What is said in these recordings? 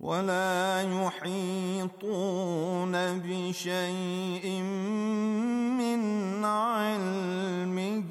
ولا يحيطون بشيء من علمه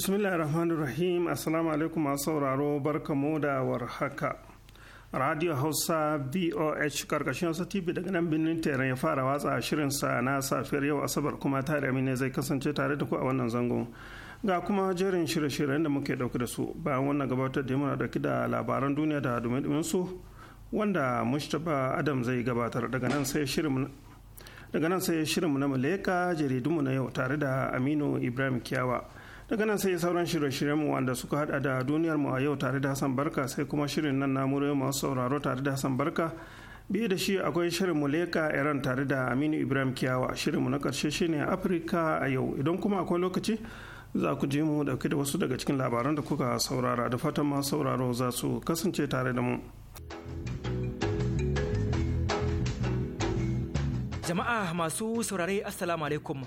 bismillah rahim assalamu alaikum masu sauraro barkamu da haka radio hausa voh karkashin hausa tv daga nan birnin teran ya fara watsa shirinsa na safiyar yau asabar kuma tare amina zai kasance tare da ku a wannan zangon ga kuma jerin shirye-shiryen da muke dauke da su bayan wannan gabatar da muna dauke da labaran duniya da dumin su wanda mustapha adam zai gabatar daga nan sai shirin daga nan sai shirinmu na maleka jaridunmu na yau tare da aminu ibrahim kiyawa daga nan sai sauran shirye mu wanda suka hada da duniyar mu a yau tare da hassan barka sai kuma shirin nan na muryoyi masu sauraro tare da hassan barka biye da shi akwai shirin mu leka iran tare da aminu ibrahim kiyawa shirin mu na karshe shine afirka a yau idan kuma akwai lokaci za ku je mu dauke da wasu daga cikin labaran da kuka saurara da fatan masu sauraro za su kasance tare da mu jama'a masu saurare assalamu alaikum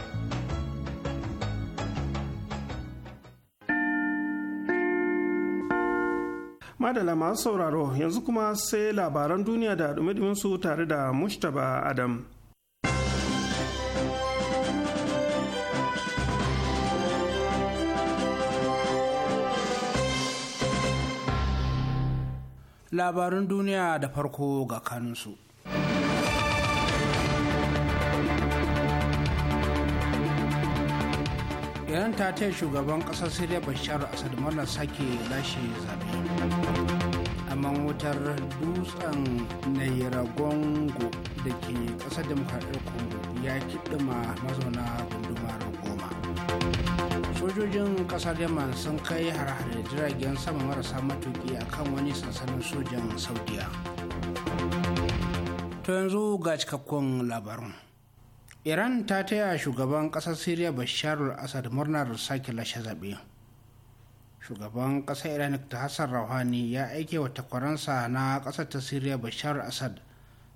madala masu sauraro yanzu kuma sai labaran duniya da dumi su tare da mushtaba adam labarin duniya da farko ga kanunsu iran ta taya shugaban ƙasar siriya bashar asad mana sake lashe zaɓe amma wutar dutsen nairagongo da ke ƙasa demokradiyyar congo ya kiɗima mazauna gundumar goma sojojin ƙasar yaman sun kai harhare jiragen sama marasa matuƙi a kan wani sansanin sojan saudiya to yanzu ga cikakkun labarin iran ta taya shugaban ƙasar syria bashar al-assad murnar sake lashe zaɓe shugaban ƙasar iran ta hassan rauhani ya aike wa takwaransa na ƙasar ta syria bashar al-assad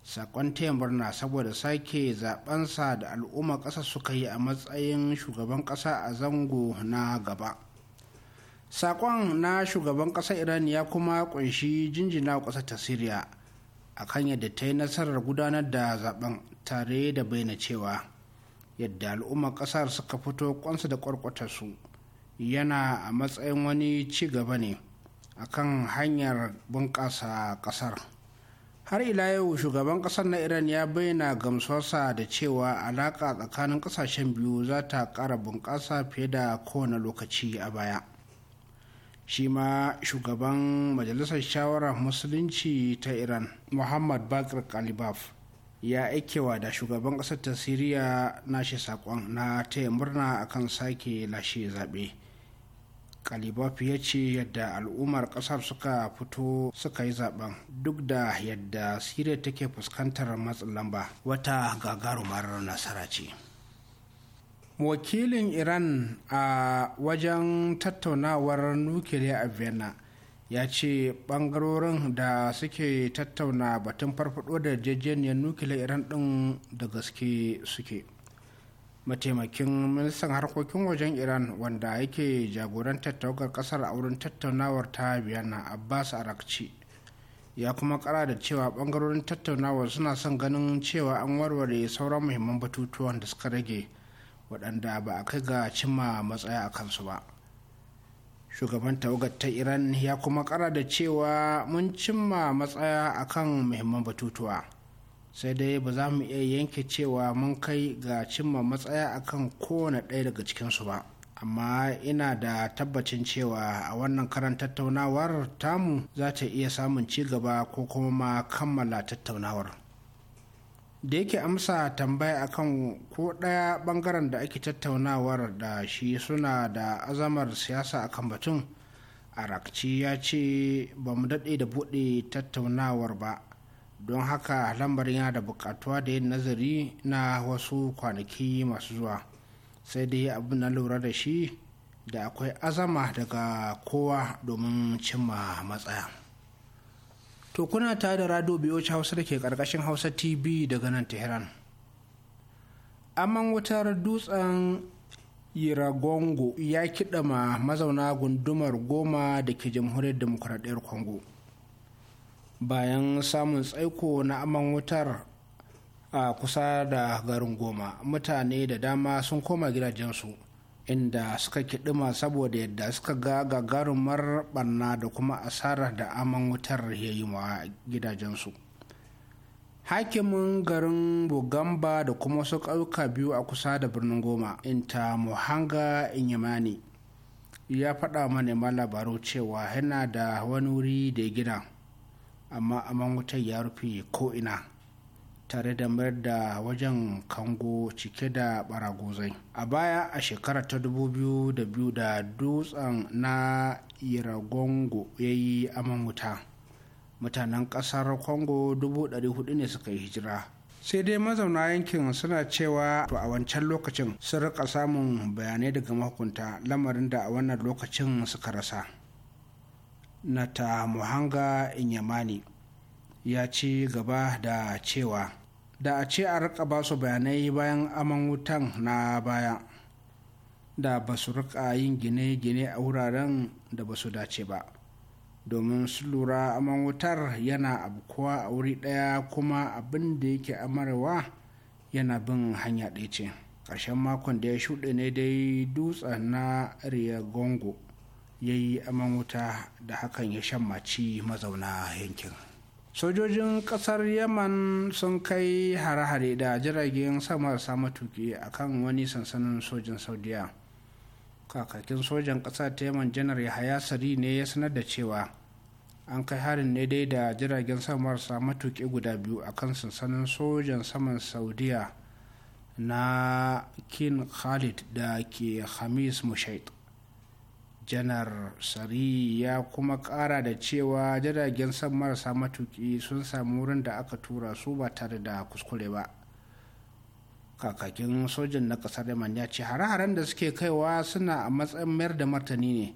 saƙon taya murna saboda sake zaɓensa da al'umma ƙasar suka yi a matsayin shugaban ƙasa a zango na gaba saƙon na shugaban ƙasar iran ya kuma ƙunshi jinjina ƙasar ta syria a kan yadda ta yi nasarar gudanar da zaben tare da bayyana cewa yadda al'ummar kasar suka fito kwansu da kwarkwata su yana a matsayin wani ci gaba ne a kan hanyar bunƙasa kasar har ila yau shugaban kasar na iran ya bayyana gamsuwarsa da cewa alaƙa tsakanin ƙasashen biyu za ta ƙara bunƙasa fiye da kowane lokaci a baya shi ma shugaban majalisar shawarar musulunci ta iran muhammad bakr kalibaf ya aikewa da shugaban ƙasar ta siriya nashi saƙon na taya murna akan sake lashe zaɓe kalibaf ya ce yadda al'ummar ƙasar suka fito suka yi zaben duk da yadda siriya take fuskantar matsin lamba wata gagarumar nasara ce wakilin iran a wajen tattaunawar nukiliya a vienna ya ce bangarorin da suke tattauna batun farfado da yarjejeniyar nukiliya iran din da gaske suke mataimakin ministan harkokin wajen iran wanda yake jagorantar tawagar kasar a wurin tattaunawar ta biyana abbas arakci ya kuma kara da cewa bangarorin tattaunawar suna son ganin cewa an warware sauran muhimman batutuwan da suka rage waɗanda ba a kai ga cimma matsaya a kansu ba shugaban tawagar ta iran ya kuma kara da cewa mun cimma matsaya a kan muhimman batutuwa sai dai ba za mu iya yanke cewa mun kai ga cimma matsaya a kan kowane ɗaya daga cikinsu ba amma ina da tabbacin cewa a wannan karan tattaunawar tamu za ta iya samun ci gaba ko kuma ma kammala tattaunawar. da yake amsa tambaya akan ko ɗaya ɓangaren da ake tattaunawar da shi suna da azamar siyasa akan batun arakci ya ce ba mu daɗe da buɗe tattaunawar ba don haka lambarin yana da buƙatuwa da yin nazari na wasu kwanaki masu zuwa sai dai abu na lura da shi da akwai azama daga kowa domin cimma matsaya. To kuna ta da rado biyoci Hausa da ke ƙarƙashin Hausa TV daga nan Tehran. Aman wutar dutsen Yiragongo ya kiɗama mazauna gundumar goma da ke jamhuriyar demokuraɗiyar Congo. Bayan samun tsaiko na aman wutar a kusa da garin goma, mutane da dama sun koma gidajensu. inda suka kiɗima saboda yadda suka ga gagarumar barna da kuma asarar da aman wutar ya yi wa gidajensu hakimin garin bugamba da kuma wasu ƙauka biyu a kusa da birnin goma inta muhanga inyamani ya faɗa manema labaru cewa yana da wani wuri da gina amma aman wutar ya rufe ko'ina tare da mayar da wajen kango cike da baragozai a baya a shekara ta 2002 da dutsen na iragongo ya yi aman wuta mutanen kasar congo 400 ne suka yi hijira sai dai mazauna yankin suna cewa to a wancan lokacin sun rika samun bayanai daga mahukunta lamarin da a wannan lokacin suka rasa nata muhanga inyamani ya ci gaba da cewa da a ce a rika ba su bayanai bayan aman wutan na baya da ba su rika yin gine-gine a wuraren da ba su dace ba domin su lura aman wutar yana abkuwa a wuri ɗaya kuma abin da yake amarwa yana bin hanya ɗaya ce ƙarshen makon da ya shuɗe ne dai dutsen na gongo ya yi aman wuta da hakan ya shammaci mazauna yankin sojojin kasar yaman sun kai hare-hare da jiragen sama sama tuki a wani sansanin sojin saudiya kakakin sojan ƙasa ta yaman janar yahaya sari ne ya sanar da cewa an kai harin ne dai da jiragen sama sama tuki guda biyu akan sansanin sojan saman saudiya na kin khalid da ke hamis mushaid janar sari ya kuma kara da cewa jiragen san marasa matuki sun samu wurin da aka tura su ba tare da kuskure ba kakakin sojan na kasar yaman ya ce hare-haren da suke kaiwa suna a matsayin mayar da martani ne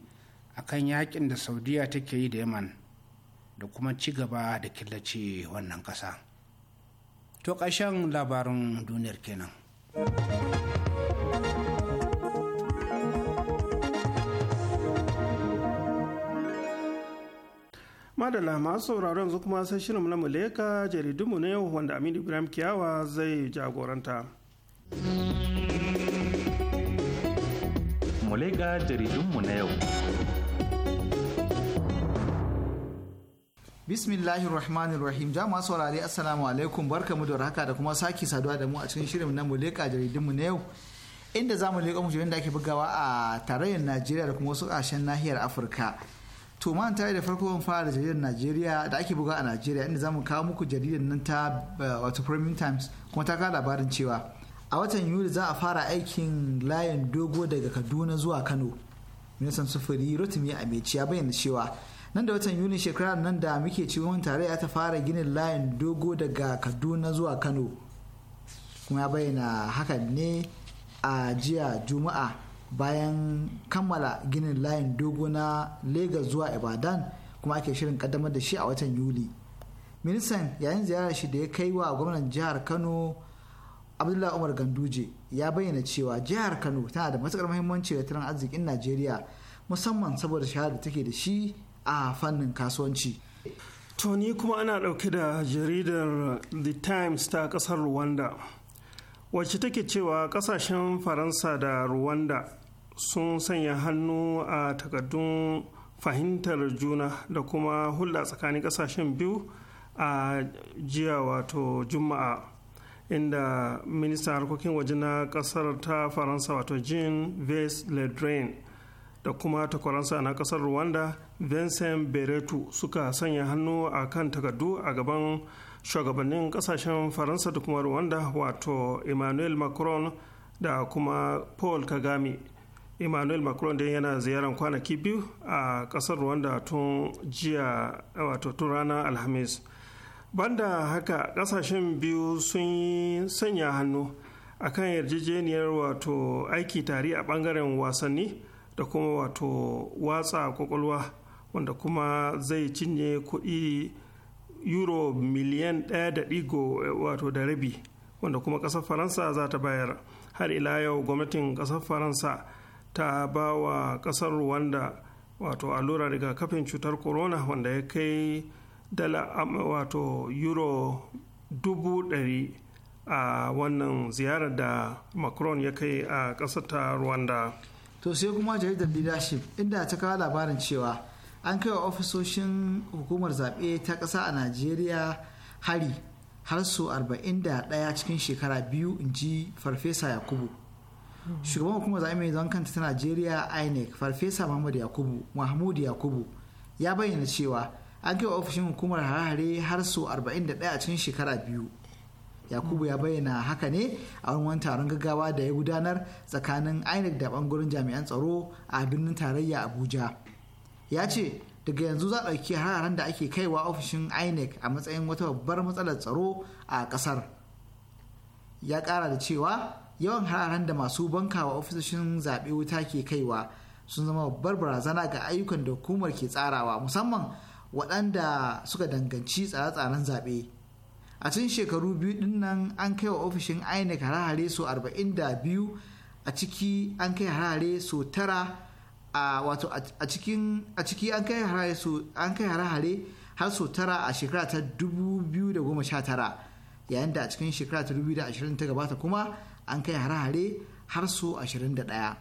akan yakin da saudiya take yi da yaman da kuma ci gaba da killace wannan kasa to ƙashen labarin duniyar kenan. madala masu sauraron zu kuma sai shirin na muleka jaridunmu na yau wanda aminu ibrahim kiyawa zai jagoranta muleka jaridunmu na yau bismillahir rahmanir rahim saurare assalamu alaikum barkamu da haka da kuma sake saduwa da mu a cikin shirin na muleka jaridunmu na yau inda za mu leƙa mujallar da ake bugawa a tarayyar najeriya da kuma wasu kashen nahiyar afirka to man tare da farko wani fara jaridar Najeriya da ake buga a Najeriya inda zamu kawo muku jaridar nan ta eh, wato Premium Times kuma ta kawo labarin cewa a watan Yuli za a fara aikin layin dogo daga Kaduna zuwa Kano. Ministan sufuri Rotimi Amechi ya bayyana cewa nan da watan Yuli shekarar nan da muke cikin ya ta fara ginin layin dogo daga Kaduna zuwa Kano. Kuma ya bayyana hakan ne a jiya Juma'a bayan kammala ginin layin dogo na Legas zuwa Ibadan kuma ake shirin kaddamar da shi a watan Yuli. Ministan yayin ziyarar shi da ya kai wa gwamnan jihar Kano Abdullahi Umar Ganduje ya bayyana cewa jihar Kano tana da matukar muhimmanci ga tattalin arzikin Najeriya musamman saboda shahara da take da shi a fannin kasuwanci. tuni kuma ana ɗauke da jaridar The Times ta kasar Rwanda, wacce take cewa ƙasashen Faransa da Rwanda sun sanya hannu a takardun fahimtar juna da kuma hulɗa tsakanin ƙasashen biyu a jiya wato juma'a inda ministan harkokin waje na ƙasar ta faransa wato jean ves le drain da kuma takwaransa na ƙasar rwanda vincent beretu suka sanya hannu a kan takardu a gaban shugabannin ƙasashen faransa da kuma rwanda wato emmanuel macron da kuma paul kagame emmanuel macron da yana ziyaran kwanaki biyu a kasar rwanda tun jiya wato tun ranar alhamis banda haka kasashen biyu sun yi sanya hannu a kan yarjejeniyar wato aiki tare a bangaren wasanni da kuma wato watsa kwakwalwa wanda kuma zai cinye kuɗi euro miliyan ɗaya da ɗigo wato da rabi wanda kuma ƙasar faransa za ta bayar har ila yau gwamnatin ƙasar faransa ta ba wa ƙasar rwanda wato allurar rigakafin cutar corona wanda ya kai dala wato euro dubu ɗari a wannan ziyarar da macron ya kai a ƙasar ta rwanda to sai kuma jaridar leadership inda ta kawo labarin cewa an kai wa ofisoshin hukumar zaɓe ta ƙasa a najeriya hari har su 41 cikin shekara biyu in ji farfesa yakubu shugaban hukumar zaɓe mai zaman kanta ta najeriya inec farfesa muhammad yakubu mahmud yakubu ya bayyana cewa an kai wa ofishin hukumar hare-hare har sau 41 a cikin shekara biyu yakubu ya bayyana haka ne a wani taron gaggawa da ya gudanar tsakanin inec da bangaren jami'an tsaro a birnin tarayya abuja ya ce daga yanzu za a ɗauki hararen da ake kaiwa ofishin inec a matsayin wata babbar matsalar tsaro a ƙasar ya ƙara da cewa yawan hararen da masu bankawa ofisoshin zaɓe wuta ke kaiwa sun zama babbar barazana ga ayyukan da hukumar ke tsarawa musamman waɗanda suka danganci tsare-tsaren zaɓe a cikin shekaru biyu ɗin nan an kai wa ofishin inec harahare so 42 a ciki an kai harahare so 9 a wato a kai a so an kai hare har so 9 a shekara ta 2019 yayin da a cikin shekara ta 2020 ta gabata kuma an kai hare-hare har su 21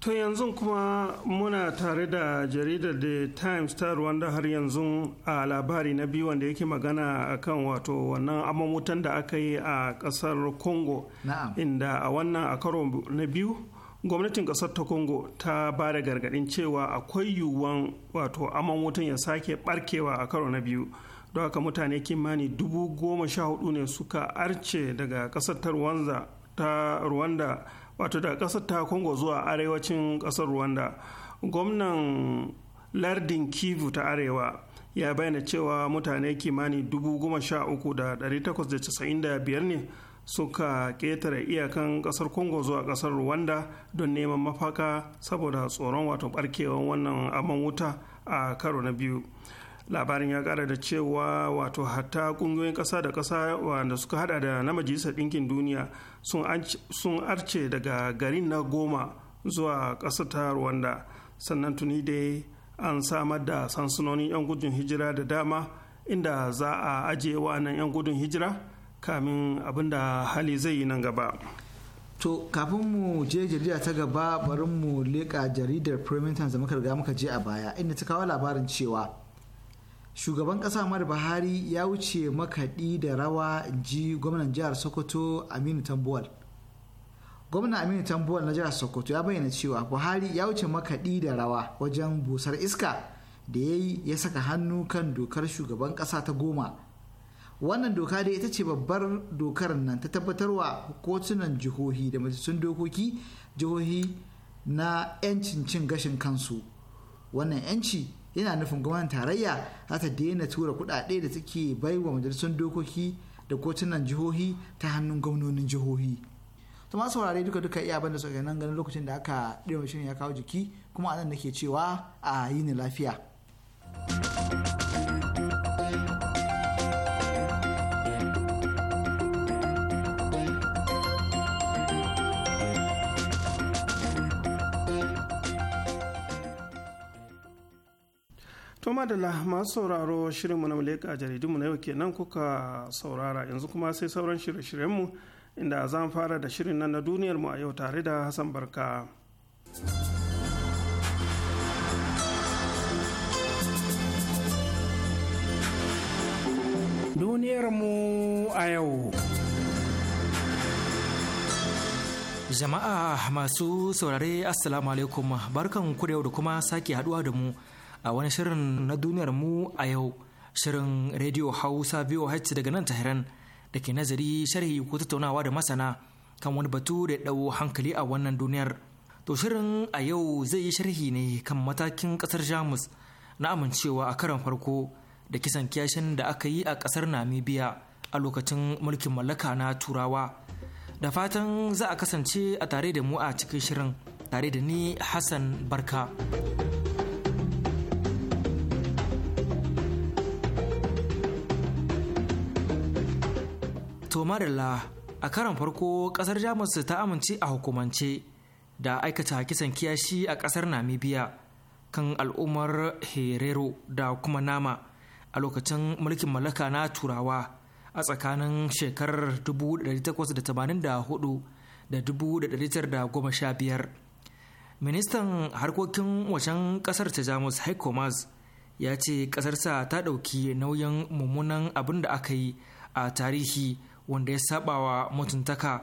to yanzu kuma muna tare da jaridar the times ta rwanda har yanzu a labari na biyu wanda yake magana akan wato wannan amon da aka yi a kasar congo inda a wannan a karo na biyu gwamnatin kasar ta congo ta ba da gargadin cewa akwai yiwuwan wato aman wutan ya sake barkewa a karo na biyu don haka mutane kimani dubu goma sha hudu ne suka arce daga kasar ta rwanda ta rwanda wato daga kasar ta congo zuwa arewacin kasar rwanda gwamnan lardin kivu ta arewa ya bayyana cewa mutane kimani dubu goma sha uku da dari takwas da casa'in da biyar ne suka ƙetare iyakan kasar congo zuwa kasar rwanda don neman mafaka saboda tsoron wato barkewan wannan aman wuta a karo na biyu labarin ya kara da cewa wato hatta kungiyoyin kasa da kasa wanda suka hada da na majalisar ɗinkin duniya sun arce daga garin na goma zuwa ƙasar ta rwanda sannan tuni dai an samar da sansunonin 'yan gudun hijira da dama inda za a ajiye wa'annan 'yan gudun hijira kamin abin da hali zai yi nan gaba to kafin mu je jarida ta gaba bari mu leƙa jaridar premium times da muka riga muka je a baya inda ta kawo labarin cewa shugaban kasa mar Buhari ya wuce makaɗi da rawa ji gwamnan jihar Sokoto Aminu Tambuwal. Gwamnan Aminu Tambuwal na jihar Sokoto ya bayyana cewa Buhari ya wuce makaɗi da rawa wajen busar iska da ya yi ya saka hannu kan dokar shugaban kasa ta goma. Wannan doka dai ita ce babbar dokar nan ta tabbatarwa kotunan jihohi da majalisun dokoki jihohi na 'yancin cin gashin kansu. Wannan 'yanci yana nufin gwamnatin tarayya za ta daina tura kudade da take bai wa majalisun dokoki da kotunan jihohi ta hannun gwamnonin jihohi to ma saurare duka duka iya banda suka nan ganin lokacin da aka ɗirma shirin ya kawo jiki kuma anan nake cewa a yi ni lafiya. To madalla masu sauraro shirinmu na muleka jaridunmu na yau kenan kuka saurara yanzu kuma sai sauran shirye-shiryenmu inda mu fara da shirin nan na duniyarmu a yau tare da Hassan Barka. Duniyarmu a yau. Jama'a masu saurare Assalamu alaikum barkan ku da da kuma sake haduwa da mu. a wani shirin na duniyar mu a yau shirin rediyo hausa voh daga nan tahiran da ke nazari sharhi ko tattaunawa da masana kan wani batu da ɗau hankali a wannan duniyar to shirin a yau zai yi sharhi ne kan matakin ƙasar jamus na amincewa a karan farko da kisan kiyashin da aka yi a ƙasar namibia a lokacin mulkin mallaka na turawa da fatan za a kasance a tare da mu a cikin shirin tare da ni hassan barka. To Marilla, a karan farko kasar Jamus ta amince a hukumance da aikata kisan kiyashi a kasar Namibia kan al'ummar Herero da kuma Nama a lokacin mulkin mallaka na Turawa a tsakanin shekarar 1884 da 1915. Ministan harkokin wajen kasar ta Jamus haikomas ya ce kasarsa ta ɗauki nauyin mummunan abin da aka yi a tarihi wanda ya sabawa mutuntaka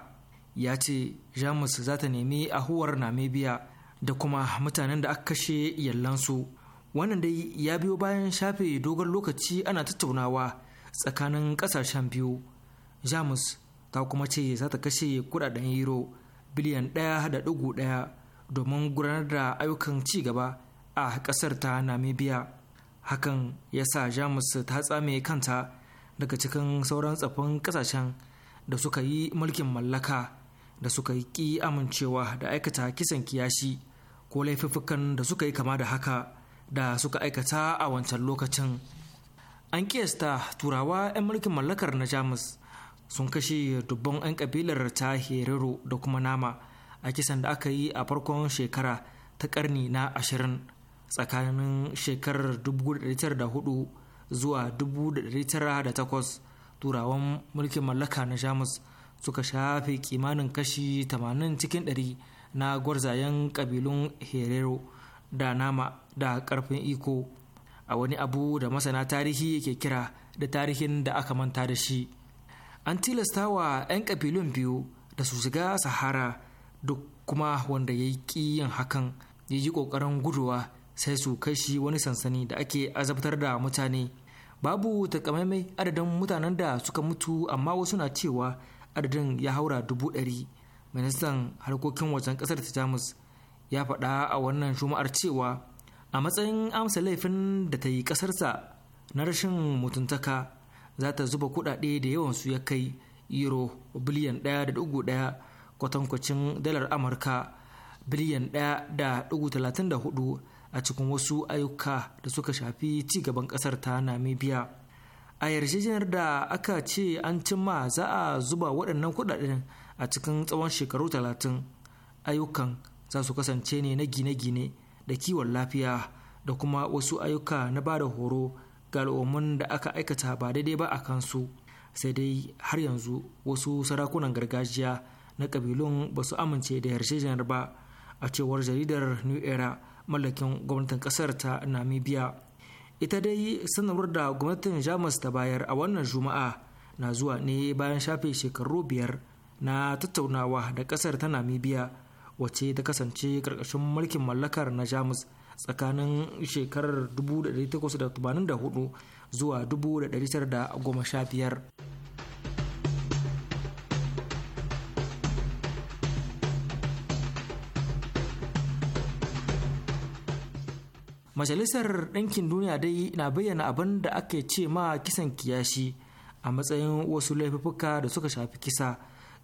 ya ce jamus za ta nemi ahuwar namibia da kuma mutanen da aka kashe yallansu wannan dai ya biyo bayan shafe dogon lokaci ana tattaunawa tsakanin kasashen biyu jamus ta kuma ce za ta kashe kudaden euro biliyan ɗaya da ɗigo ɗaya domin gudanar da ayyukan ci gaba a ƙasar ta namibia hakan ya sa jamus ta tsame kanta daga cikin sauran tsafin kasashen da suka yi mulkin mallaka da suka yi ƙi amincewa da aikata kisan kiyashi ko laifuffukan da suka yi kama da haka da suka aikata a wancan lokacin an kiyasta turawa 'yan mulkin mallakar na jamus sun kashe dubban 'yan kabilar ta herero da kuma nama a kisan da aka yi a farkon shekara ta karni na ashirin tsakanin shekarar zuwa 1908 turawan mulkin mallaka na jamus suka shafe kimanin kashi 80 cikin 100 na gwarzayen kabilun herero da nama da karfin iko a wani abu da masana tarihi ke kira da tarihin da aka manta da shi an tilasta wa 'yan kabilun biyu da su shiga sahara duk kuma wanda ya yi yin hakan ya yi ƙoƙarin guduwa sai su kai shi wani sansani da ake azabtar da mutane babu takamaimai adadin mutanen da suka mutu amma wasu na cewa adadin ya haura dubu ɗari ministan harkokin wajen ƙasar ta jamus ya faɗa a wannan juma'ar cewa a matsayin amsa laifin da ta yi ƙasarsa na rashin mutuntaka za ta zuba kuɗaɗe da yawan su ya kai euro biliyan ɗaya da dugu ɗaya kwatankwacin dalar amurka biliyan ɗaya da dugu talatin da hudu a cikin wasu ayyuka da suka shafi ci gaban ƙasar ta namibia a yarjejeniyar da aka ce an cimma za a zuba waɗannan kuɗaɗen a cikin tsawon shekaru talatin ayyukan za su kasance ne na gine-gine da kiwon lafiya da kuma wasu ayyuka na ba da horo ga al'ummun da aka aikata ba daidai ba a kansu sai dai har yanzu wasu sarakunan gargajiya na ƙabilun ba su amince da yarjejeniyar ba a cewar jaridar new era mallakin gwamnatin kasar ta namibia ita dai sanarwar da gwamnatin jamus ta bayar a wannan juma'a na zuwa ne bayan shafe shekaru biyar na tattaunawa da kasar ta namibia wacce ta kasance karkashin mulkin mallakar na jamus tsakanin shekarar 1884 zuwa 1915 majalisar ɗinkin duniya dai na bayyana abin da ake ce ma kisan kiyashi a matsayin wasu laifuka da suka shafi kisa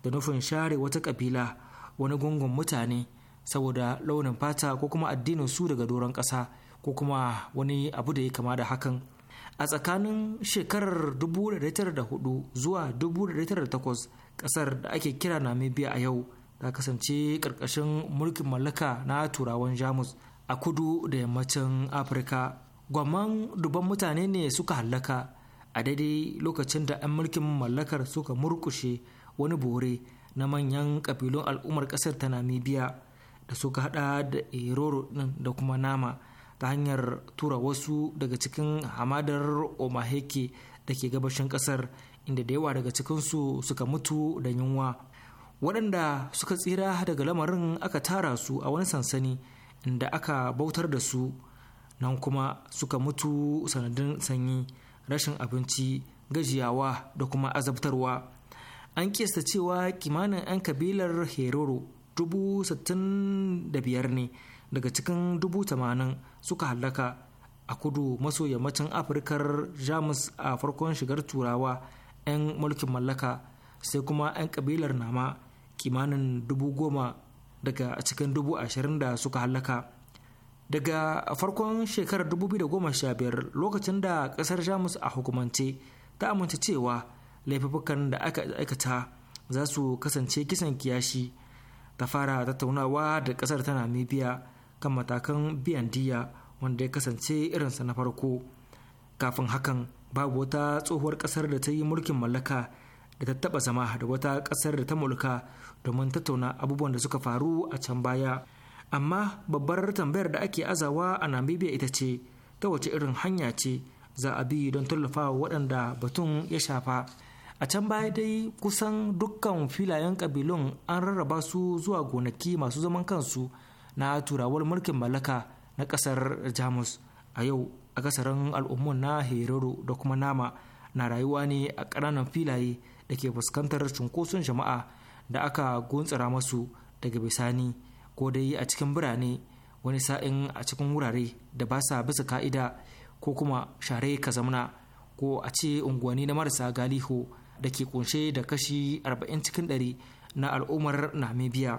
da nufin share wata ƙabila wani gungun mutane saboda launin fata ko kuma addinin su daga doron ƙasa ko kuma wani abu da ya kama da hakan a tsakanin shekarar 1904 zuwa 1908 ƙasar da ake kira namibia a yau ta kasance ƙarƙashin mulkin mallaka na turawan jamus a kudu da yammacin afirka gwamman duban mutane ne suka hallaka a daidai lokacin da 'yan mulkin mallakar suka murkushe wani bore na manyan kabilun al'ummar ƙasar ta namibia da suka hada da eroro da kuma nama ta hanyar tura wasu daga cikin hamadar omaheke da ke gabashin ƙasar inda da yawa daga cikinsu suka mutu da yunwa waɗanda suka tsira daga lamarin aka tara su a wani sansani da aka bautar da su nan kuma suka mutu sanadin sanyi rashin abinci gajiyawa da kuma azabtarwa an kiyasta cewa kimanin 'yan kabilar heroro biyar ne daga cikin tamanin suka hallaka a kudu maso yammacin afirkar jamus a farkon shigar turawa 'yan mulkin mallaka sai kuma 'yan kabilar nama kimanin goma daga cikin dubu ashirin da suka hallaka daga farkon shekarar biyar lokacin da ƙasar jamus a hukumance ta amince cewa laifukan da aka aikata za su kasance kisan kiyashi ta fara tattaunawa da ƙasar ta namibia kan matakan biyan diya wanda ya kasance irinsa na farko kafin hakan babu wata tsohuwar ƙasar da ta yi mulkin mallaka da ta taba zama da wata kasar da ta mulka domin tattauna abubuwan da suka faru a can baya amma babbar tambayar da ake azawa a namibia ita ce ta wace irin hanya ce za a bi don tallafa waɗanda batun ya shafa a can baya dai kusan dukkan filayen kabilun an rarraba su zuwa gonaki masu zaman kansu na turawar mulkin mallaka na ƙasar jamus a yau a kasarin al'ummun na herero da kuma nama na rayuwa ne a ƙananan filaye da ke fuskantar cunkoson jama'a da aka guntsara masu daga bisani ko dai a cikin birane wani sa'in a cikin wurare da ba sa bisa ka'ida ko kuma share ka zamana ko a ce unguwanni na marasa galiho da ke kunshe da kashi 40 cikin 100 na al'ummar namibia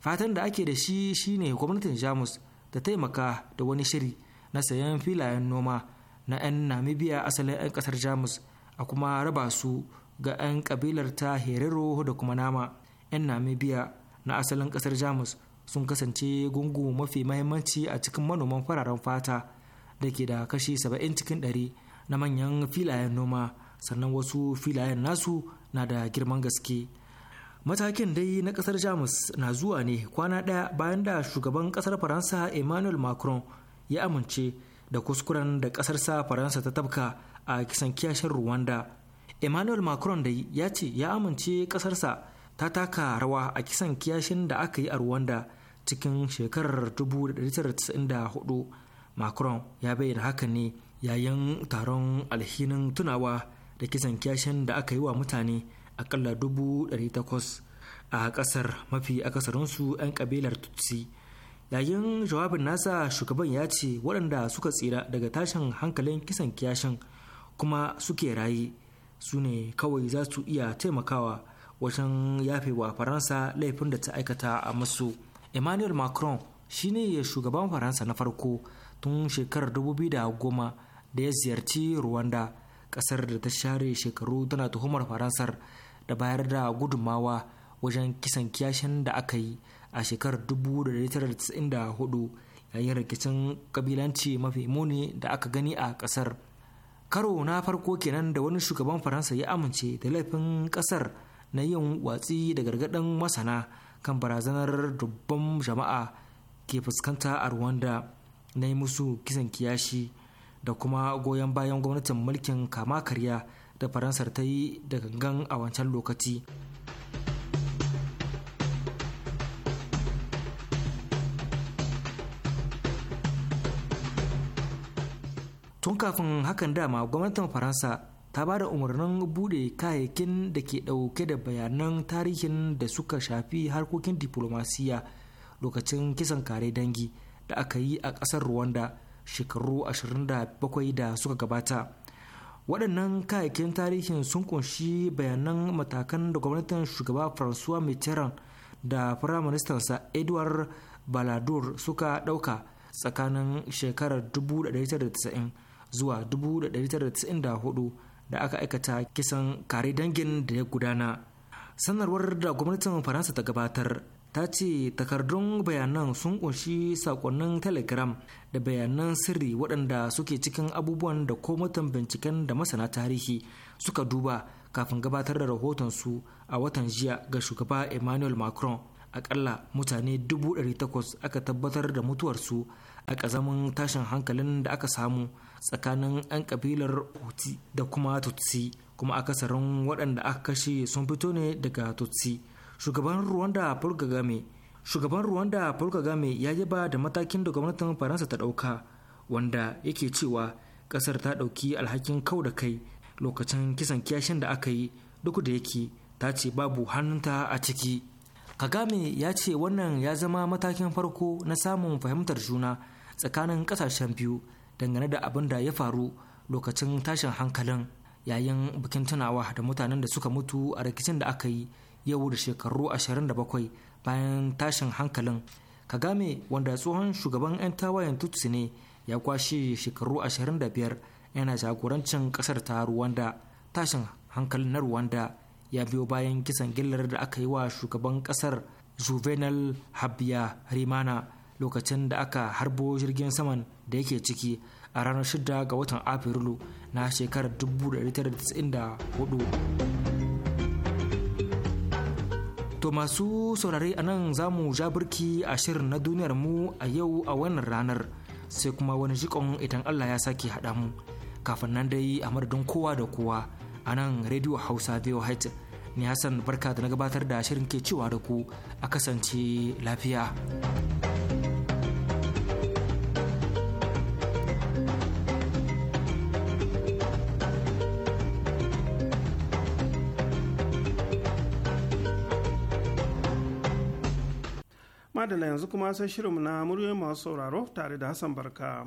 fatan da ake da shi shine gwamnatin jamus da taimaka da wani shiri na sayan filayen noma na 'yan namibia asalin 'yan kasar jamus a kuma raba su ga 'yan kabilar ta herero da kuma nama 'yan namibia na asalin kasar jamus sun kasance gungu mafi mahimmanci a cikin manoman fararen fata da ke da kashi 70 cikin 100 na manyan filayen noma sannan wasu filayen nasu na da girman gaske. matakin dai na kasar jamus na zuwa ne kwana ɗaya bayan da shugaban kasar faransa emmanuel macron ya amince da kuskuren da kasarsa faransa ta tabka a kisan kiyashin rwanda emmanuel macron dai ya ce ya amince kasarsa ta taka rawa a kisan kiyashin da aka yi a rwanda cikin shekarar 1994 macron ya bayyana haka ne yayin taron alhinin tunawa da kisan kiyashin da aka yi wa mutane akalla dubu takwas a ƙasar mafi akasarinsu 'yan kabilar tutsi yayin jawabin nasa shugaban ya ce waɗanda suka tsira daga tashin hankalin kisan kiyashin kuma suke raye su ne kawai za su iya taimakawa wajen yafe wa faransa laifin da ta aikata a masu emmanuel macron shi shine shugaban faransa na farko tun shekarar 2010 da ya ziyarci rwanda ƙasar da ta share shekaru tana tuhumar faransar da bayar da gudummawa wajen kisan kiyashin da aka yi a shekarar 1994 yayin rikicin kabilanci mafi muni da aka gani a kasar karo na farko kenan da wani shugaban faransa ya amince da laifin kasar na yin watsi da gargaɗin masana kan barazanar dubban jama'a ke fuskanta a rwanda na yi musu kisan kiyashi da kuma goyon bayan gwamnatin mulkin kama karya da faransar ta yi da gangan a wancan lokaci tun kafin hakan dama gwamnatin faransa ta ba da umarnin bude kayayyakin da ke ɗauke da bayanan tarihin da suka shafi harkokin diplomasiya lokacin kisan kare dangi da aka yi a ƙasar rwanda shekaru 27 da suka gabata waɗannan kayayyakin tarihin sun kunshi bayanan matakan da gwamnatin shugaba francois mitterrand da firaministansa edward baladur suka ɗauka tsakanin shekarar 1990 zuwa 1994 da aka aikata kisan kare dangin da ya gudana sanarwar da gwamnatin faransa ta gabatar ta ce takardun bayanan sun kunshi sakonnin telegram da bayanan sirri waɗanda suke cikin abubuwan da komitin binciken da masana tarihi suka duba kafin gabatar da rahotonsu a watan jiya ga shugaba emmanuel macron akalla mutane 800 aka tabbatar da mutuwarsu a ƙazamin tashin hankalin da aka samu tsakanin 'yan kabilar da kuma tutsi kuma akasarin waɗanda aka kashe sun fito ne daga tutsi shugaban Rwanda Paul Kagame shugaban Rwanda Paul Kagame ya yaba da matakin da gwamnatin Faransa ta dauka wanda yake cewa ƙasar ta dauki alhakin kau da kai lokacin kisan kiyashin da aka yi duk da yake ta ce babu hannunta a ciki. Kagame ya ce wannan ya zama matakin farko na samun fahimtar juna tsakanin kasashen biyu dangane da abin da ya faru lokacin tashin hankalin yayin bikin tunawa da mutanen da suka mutu a rikicin da aka yi yau da shekaru 27 bayan tashin hankalin kagame wanda tsohon shugaban 'yan tawayen tutsi ne ya kwashe shekaru 25 yana jagorancin kasar ta rwanda tashin hankalin na rwanda ya biyo bayan kisan gillar da aka yi wa shugaban kasar juvenal habya rimana lokacin da aka harbo jirgin saman da yake ciki a ranar 6 ga watan afrilu na shekarar 1994 To masu saurare anan nan za mu ja birki a shirin na duniyar mu a yau a wannan ranar sai kuma wani jikon idan Allah ya sake haɗa mu. Kafin nan dai a madadin kowa da kowa a nan Radio Hausa VOH ni Hassan barka da na gabatar da shirin ke cewa da ku a kasance lafiya. madala yanzu kuma sai shirinmu na muryoyin masu sauraro tare da Hassan Barka.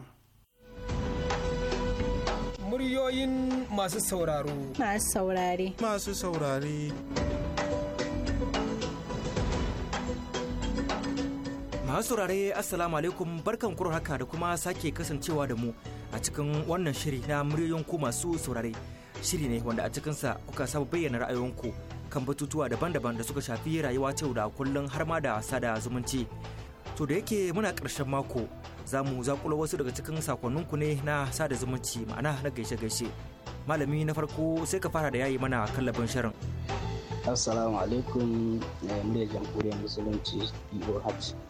Muryoyin masu sauraro. Masu saurare. Masu saurare. masu saurare assalamu alaikum barkan kuro haka da kuma sake kasancewa da mu a cikin wannan shiri na muryoyin ku masu saurare shiri ne wanda a cikinsa kuka saba bayyana ra'ayoyinku kan batutuwa daban-daban da suka shafi rayuwa ta yau da kullum har ma da sada zumunci. To da yake muna karshen mako za mu zakula wasu daga cikin sakonninku ne na sada zumunci ma'ana na gaishe-gaishe. Malami na farko sai ka fara da yayi mana kallabin shirin. assalamu alaikum na eh, muryar jamhuriyar musulunci boh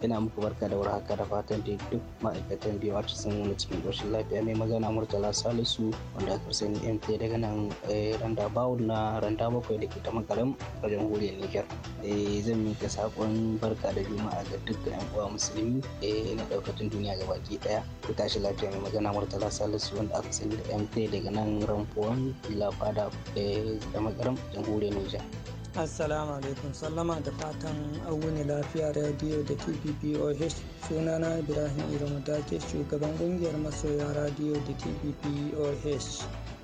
ina muku barka da warhaka da fatan da duk ma'aikatan biyu wata sun wani cikin ƙoshin lafiya mai magana murtala salisu wanda aka sani mt daga nan eh, randa bawul na randa bakwai da ke ta makarin a jamhuriyar niger eh, zan ka saƙon barka da juma'a ga duk yan uwa musulmi na ɗaukacin duniya gaba baki ɗaya ku tashi lafiya mai magana murtala salisu wanda aka sani da mt daga nan ramfuwan lafada da makarin jamhuriyar niger assalamu alaikum sallama da fatan auni lafiya radio da tppoh sunana ibrahim iramu take shugaban kungiyar masoya radio da tppoh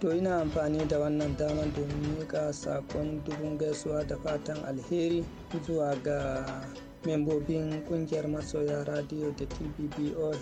to ina amfani da wannan damar domin miƙa sakon dubun gaisuwa da fatan alheri zuwa ga membobin kungiyar masoya radio da tvboh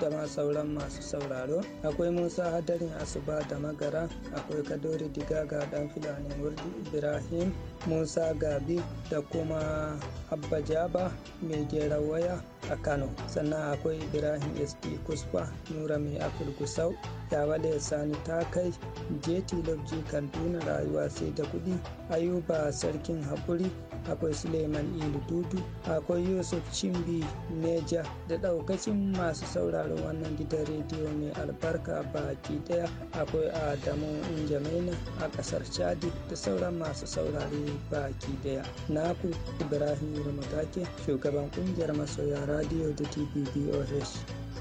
da ma sauran masu sauraro akwai musa hadarin asuba da magara akwai kadori ga dan fulani wurdi ibrahim musa gabi da kuma abba jaba mai gerar waya a kano sannan akwai ibrahim sd kusfa nura mai afir gusau wale sani ta kai jeti lobji kaduna rayuwa sai da kudi ayuba sarkin haƙuri akwai suleiman ilu dudu akwai yusuf cimbi neja da ɗaukacin masu sauraron wannan gidan rediyo mai albarka baki ɗaya akwai adamu injamaina a ƙasar chadi da sauran masu saurare baki daya naku ibrahim rumatake shugaban ƙungiyar masoya radio da tv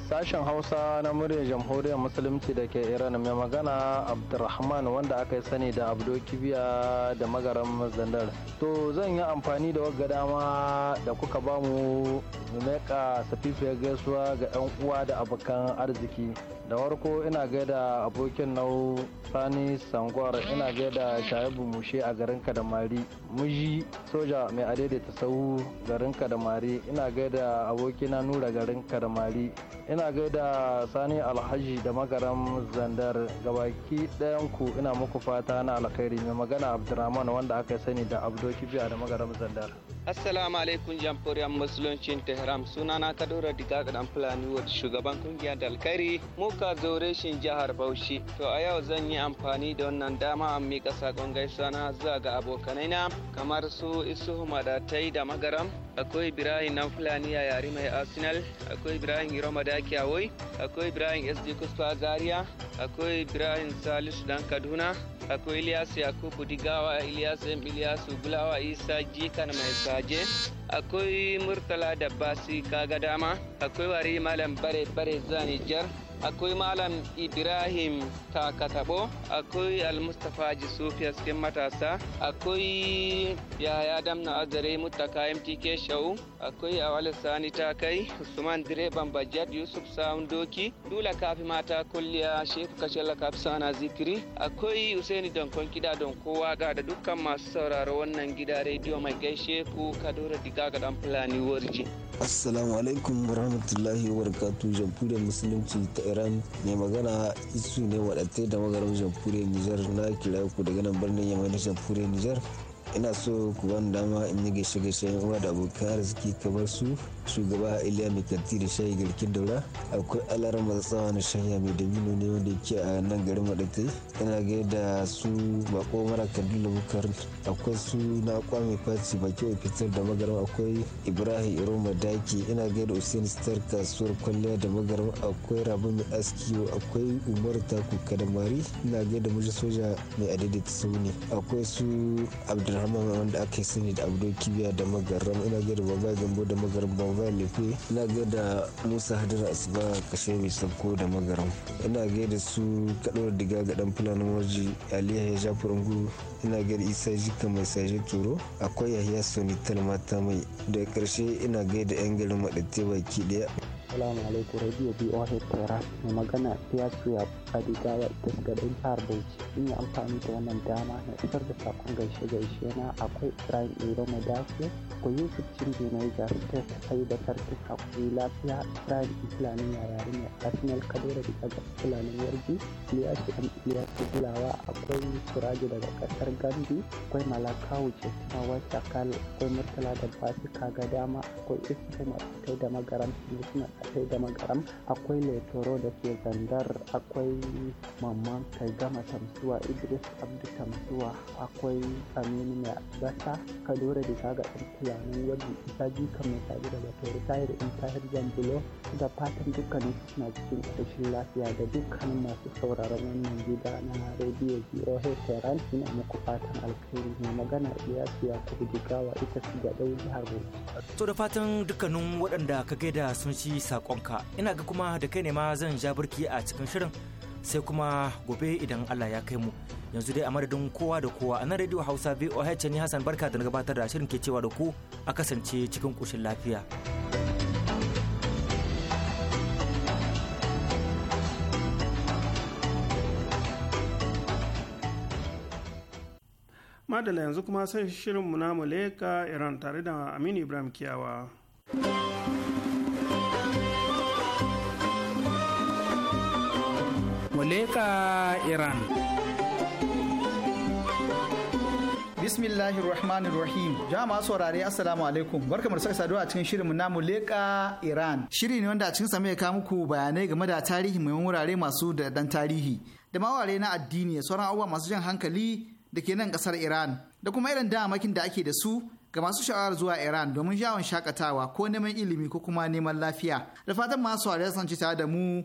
Sashen Hausa na muryar Jamhuriyar Musulunci da ke Iran mai magana Abdulrahman wanda aka yi sani da Abdo Kibiya da magaran Zandar. To zan yi amfani da wagga dama da kuka bamu mu meka safifiyar gaisuwa ga 'yan uwa da abokan arziki. da warko ina gaida abokin nau sani sangwar ina gaida shaibu mushe a garin kadamari muji soja mai adaidaita sahu garin kadamari ina gaida abokin abokina nura garin kadamari ina gaida sani alhaji da magaram zandar gabaki ku ina muku fata na alkhairi mai magana abdurrahman wanda aka sani da abdo kibiya da magaram zandar assalamu alaikum jamhuriyar musuluncin tehran sunana kadura diga dan fulani wadda shugaban kungiyar dalkari mu zo reshin jihar Bauchi. To a yau zan yi amfani da wannan dama a miƙa saƙon gaisuwa na zuwa ga abokanai na kamar su Isuhu Madatai da Magaram, akwai Ibrahim na Fulani a yare mai Arsenal, akwai Ibrahim Iroma Kiyawoi. akwai Ibrahim SD Kusfa Zaria, akwai Ibrahim Salisu dan Kaduna, akwai Ilyasu Yakubu Digawa, Ilyasu M Ilyasu Gulawa Isa Jikan mai saje, akwai Murtala da Basi Kaga Dama, akwai Wari Malam Bare Bare Zanijar, akwai malam ibrahim takatabo akwai almustapha jisufi askin matasa akwai yaya damna azare mutaka mtk shau akwai awali sani takai usman direban Bajet yusuf sa'un doki dula kafi mata kulliya shefu kashe lakafi sana zikiri akwai usaini donkon kida don kowa ga da dukkan masu sauraro wannan gida rediyo mai gaishe ku kadora diga ga dan fulani warje assalamu alaikum warahmatullahi wabarakatuh da musulunci ta iran mai magana isu ne wadatai da magarin jamhuriyar nijar na kira ku daga nan birnin yamai na jamhuriyar nijar ina so ku ban dama in yi gaishe gaishe yan da abokan arziki kamar su shugaba iliya mai kanti da shayi garkin daura akwai alar matsawa na shanya mai dabino ne wanda yake a nan garin madatai ina gai da su bako mara kaduna bukar akwai su na kwame faci baki fitar da magaram akwai ibrahim iroma daki ina gai da usain star kasuwar kwalliya da magaram akwai rabu mai askiyo akwai umar taku kadamari ina gai da muji soja mai ta sauni akwai su abdulrahman wanda aka sani da abdul kibiya da magaram ina gai da baba gambo da magaram baba lefe ina gaida musa hadar asuba kashe mai sauko da magaram ina gaida su kaɗuwar diga ga ɗan fulanin waje aliyu ya ja ina gaida isa jika mai saje turo akwai yahya soni talmata mai da karshe ina gaida yan garin maɗatte baki ɗaya. Salamu alaikum radio BOH Tera mai magana ya ita shiga garin jihar Bauchi. In yi amfani da wannan dama na isar da sakon gaishe-gaishe na akwai Ibrahim Ero Madafiya, ko Yusuf Cinde Niger State, sai da sarki hakuri lafiya, Ibrahim Islamin yayari ne, Arsenal Kadira da daga Islamin Yarji, Liyashi M. Liyashi akwai Suraji daga kasar Gambi, akwai Malakawu Jefina Wata Kal, akwai Murtala da Basika ga dama, akwai Iskrim a da magaram, Iskrim a da magaram, akwai Letoro da ke zandar, akwai akwai mamman gama tamsuwa idris abdu tamsuwa akwai aminu mai gasa kadora da riga ga ɗarfiya ne wadda ita jika mai tare da bata ritaya da ita bulo da fatan dukkanin suna cikin ƙarshen lafiya da dukkanin masu sauraron wannan gida na rediyo voh tehran ina muku fatan alkhairi mai magana iyasu ya kudu jigawa ita su ga ɗau jihar to da fatan dukkanin waɗanda ka gaida sun ci saƙonka ina ga kuma da kai ne ma zan ja birki a cikin shirin sai kuma gobe idan Allah ya kai mu yanzu dai a madadin kowa da kowa a nan radio hausa voh ne hassan barka da gabatar da shirin ke cewa da ku a kasance cikin kushin lafiya madala yanzu kuma sai shirin muleka iran tare da aminu ibrahim kiyawa. Amerika iran bismillahir rahmanir rahim jama'a saurare assalamu alaikum barkamu da sake saduwa a cikin shirinmu na leƙa iran shiri ne wanda a cikin sa mai kawo muku bayanai game da tarihi mai wurare masu da dan tarihi da maware na addini da sauran abubuwa masu jan hankali da ke nan kasar iran da kuma irin damakin da ake da su ga masu sha'awar zuwa Iran domin yawon shakatawa ko neman ilimi ko kuma neman lafiya. Da fatan masu saurare sun ci tare da mu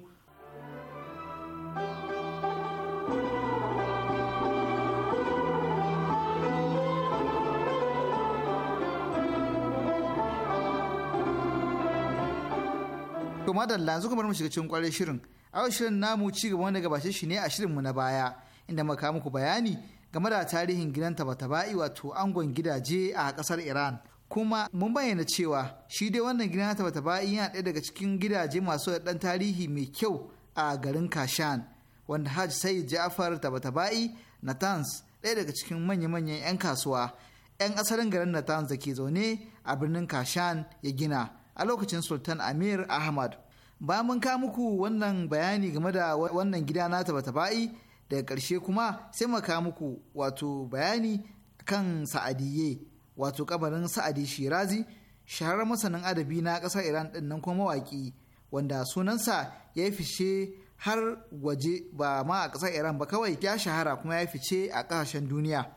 To madalla zuka bar mu shiga cikin kwarar shirin. A shirin namu ci gaba wanda gabashe shi ne a shirinmu na baya inda muka muku bayani game da tarihin gidan tabatabai wato angon gidaje a kasar Iran. Kuma mun bayyana cewa shi dai wannan gidan tabatabai yana ɗaya daga cikin gidaje masu ɗan tarihi mai kyau a garin Kashan wanda Hajj sai Ja'far Tabatabai Natanz ɗaya daga cikin manya-manyan 'yan kasuwa 'yan asalin garin Natanz da ke zaune a birnin Kashan ya gina. a lokacin sultan amir ahmad ba mun ka muku wannan bayani game da wannan gida na taba-taba'i daga karshe kuma sai mu ka muku wato bayani kan sa'adiyye wato kabarin sa'adi shirazi shahararren masanin adabi na ƙasar iran ɗin nan kuma mawaƙi wanda sunansa ya fice har waje ba ma a ƙasar iran ba kawai ya shahara kuma ya fice a ƙasashen duniya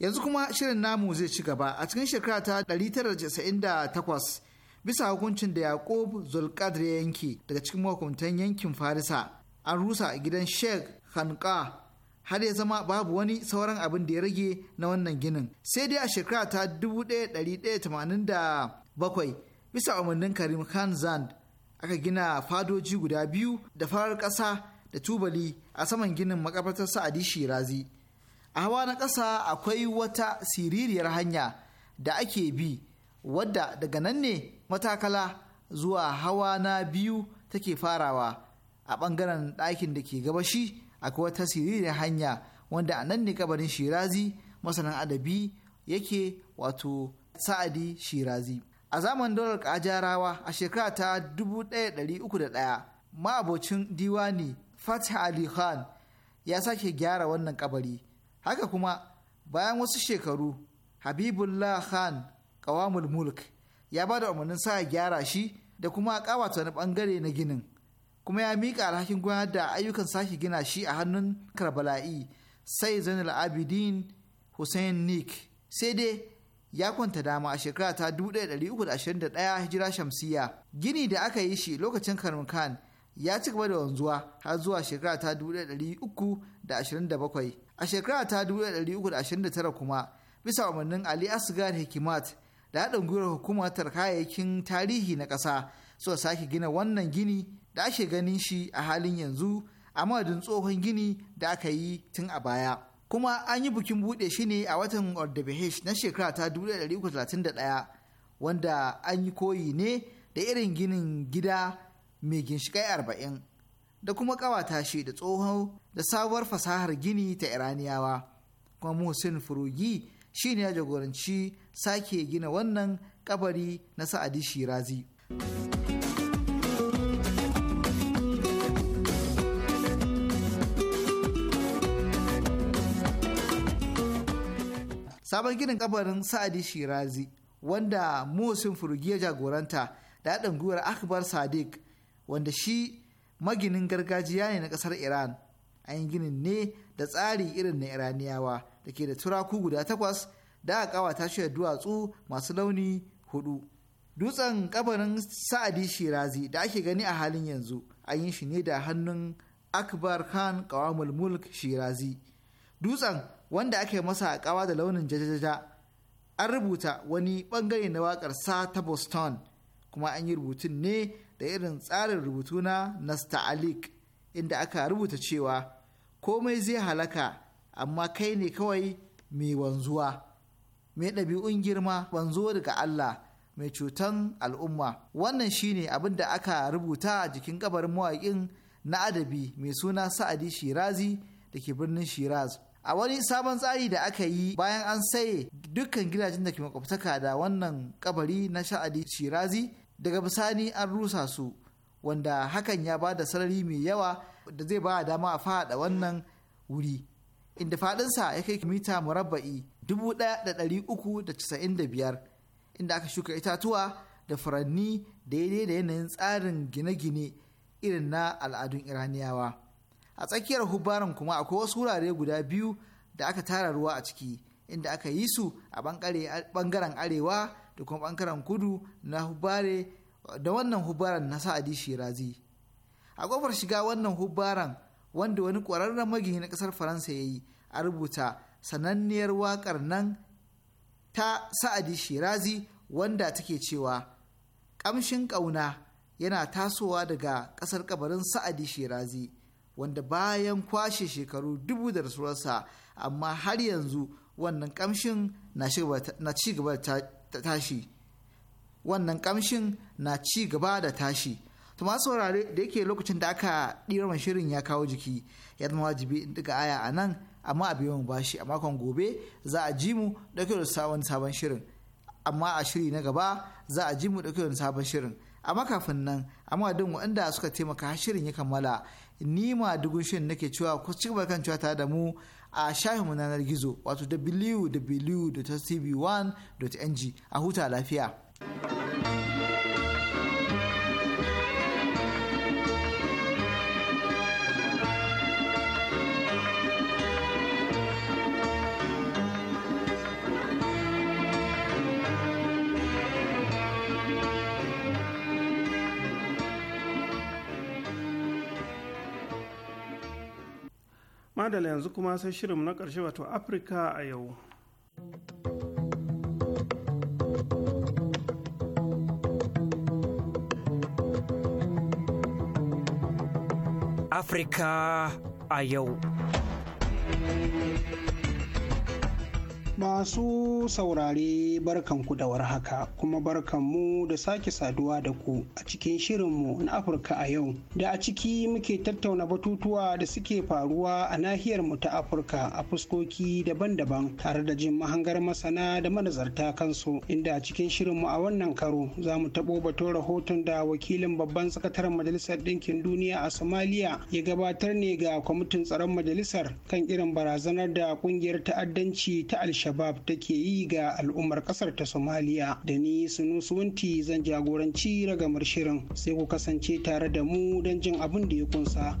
yanzu kuma shirin namu zai ci gaba a cikin shekara ta 1998 bisa hukuncin da Yaqub Zulqadr ya yanke daga cikin mahukuntan yankin Farisa an rusa gidan Sheikh hanka har ya zama babu wani sauran abin da ya rage na wannan ginin sai dai a shekara ta 1187 bisa umarnin karim khan zand aka gina fadoji guda biyu da farar ƙasa da tubali a saman ginin makabartar sa'adi shirazi a hawa na ƙasa akwai wata siririyar hanya da ake bi wadda daga nan ne matakala zuwa hawa na biyu take farawa a ɓangaren ɗakin da ke gabashi akwai tasiri da hanya wanda a nan ne kabarin shirazi masanin adabi yake wato sa'adi shirazi a zaman daular ƙajarawa, a shekara ta 1301 ma'abocin diwani fatih ali khan ya sake gyara wannan kabari haka kuma bayan wasu shekaru habibullah khan kawamul mulk ya ba da umarnin sa gyara shi da kuma kawata wani bangare na ginin kuma ya mika alhakin gudanar da ayyukan sake gina shi a hannun karbala'i sai zainal abidin hussein nick sai dai ya kwanta dama a shekara ta 1321 hijira shamsiya gini da aka yi shi lokacin karmin ya ci gaba da wanzuwa har zuwa shekara ta 1327 a shekara ta 1329 kuma bisa umarnin ali asgar hikimat da haɗin gwiwar hukumar kayayyakin tarihi na ƙasa suka sake gina wannan gini da ake ganin shi a halin yanzu a madadin tsohon gini da aka yi tun a baya. Kuma an yi bikin buɗe shi ne a watan Ordebehesh na shekara ta 1931 wanda an yi koyi ne da irin ginin gida mai ginshiƙai arba'in da kuma ƙawata shi da tsohon da sabuwar fasahar gini ta Iraniyawa. Kuma Muhsin Furugi shi ne ya jagoranci sake gina wannan kabari na sa'adi shirazi sabon ginin kabarin sa'adi shirazi wanda musin furugi ya jagoranta da haɗin gwiwar akbar sadiq wanda shi maginin gargajiya ne na ƙasar iran an ginin ne da tsari irin na iraniyawa da ke da turaku guda takwas da aka kawata shi da duwatsu masu launi hudu. Dutsen kabarin Sa'adi Shirazi da ake gani a halin yanzu an yi shi ne da hannun Akbar Khan Kawamul Mulk Shirazi. Dutsen wanda ake masa a kawa da launin jajajaja an rubuta wani bangare na wakar sa ta Boston kuma an yi rubutun ne da irin tsarin rubutu na Nasta'alik inda aka rubuta cewa komai zai halaka amma kai ne kawai mai wanzuwa mai ɗabi'un girma wanzo daga Allah mai cutan al'umma wannan shine abin da aka rubuta a jikin kabarin mawaƙin na adabi mai suna sa'adi shirazi da ke birnin shiraz a wani sabon tsari da aka yi bayan an saye dukkan gidajen da ke makwabtaka da wannan kabari na sha'adi shirazi daga bisani an rusa su wanda hakan ya ba da sarari mai yawa da zai ba dama a faɗa wannan wuri inda faɗinsa ya kai mita murabba'i 1,395 inda aka shuka itatuwa da furanni daidai da yanayin tsarin gine-gine irin na al'adun iraniyawa a tsakiyar hubaran kuma akwai wasu wurare guda biyu da aka tara ruwa a ciki inda aka yi su a bangaren arewa da kuma bangaren kudu na hubare da wannan hubaran na sa'adi shirazi a kofar shiga wannan hubaran wanda wani ƙwararren magihi na ƙasar faransa ya yi a rubuta sananniyar waƙar nan ta sa'adi shirazi wanda take cewa ƙamshin ƙauna yana tasowa daga ƙasar kabarin sa'adi shirazi wanda bayan kwashe shekaru dubu da rasuwarsa amma har yanzu wannan ƙamshin na ci ƙamshin na ci gaba da tashi to ma saurare da yake lokacin da aka ɗirma shirin ya kawo jiki ya zama wajibi daga aya a nan amma a biyan bashi a makon gobe za a ji mu ɗauke da sabon sabon shirin amma a shiri na gaba za a ji mu ɗauke da sabon shirin amma kafin nan amma din waɗanda suka taimaka shirin ya kammala ni ma dugun shirin nake cewa ku ci gaba kan cewa tare da mu a shafin na yanar gizo wato www.tv1.ng a huta lafiya. madala yanzu kuma sai shirin na ƙarshe wato afirka a yau afirka a yau Masu saurare barkanku da warhaka kuma barkanmu da sake saduwa da ku a cikin shirinmu na Afirka a yau da a ciki muke tattauna batutuwa da suke faruwa a nahiyar mu ta Afirka a fuskoki daban-daban tare da jin mahangar masana da manazarta kansu inda a cikin shirinmu a wannan karo za mu taɓo batun rahoton da wakilin babban sakataren majalisar ɗinkin duniya a Somalia ya gabatar ne ga kwamitin tsaron majalisar kan irin barazanar da ƙungiyar ta'addanci ta Alsha al-shabab take yi ga al'ummar kasar ta somaliya da ni sunusuwanti zan jagoranci ragamar shirin sai ku kasance tare da mu don jin abin da ya kunsa.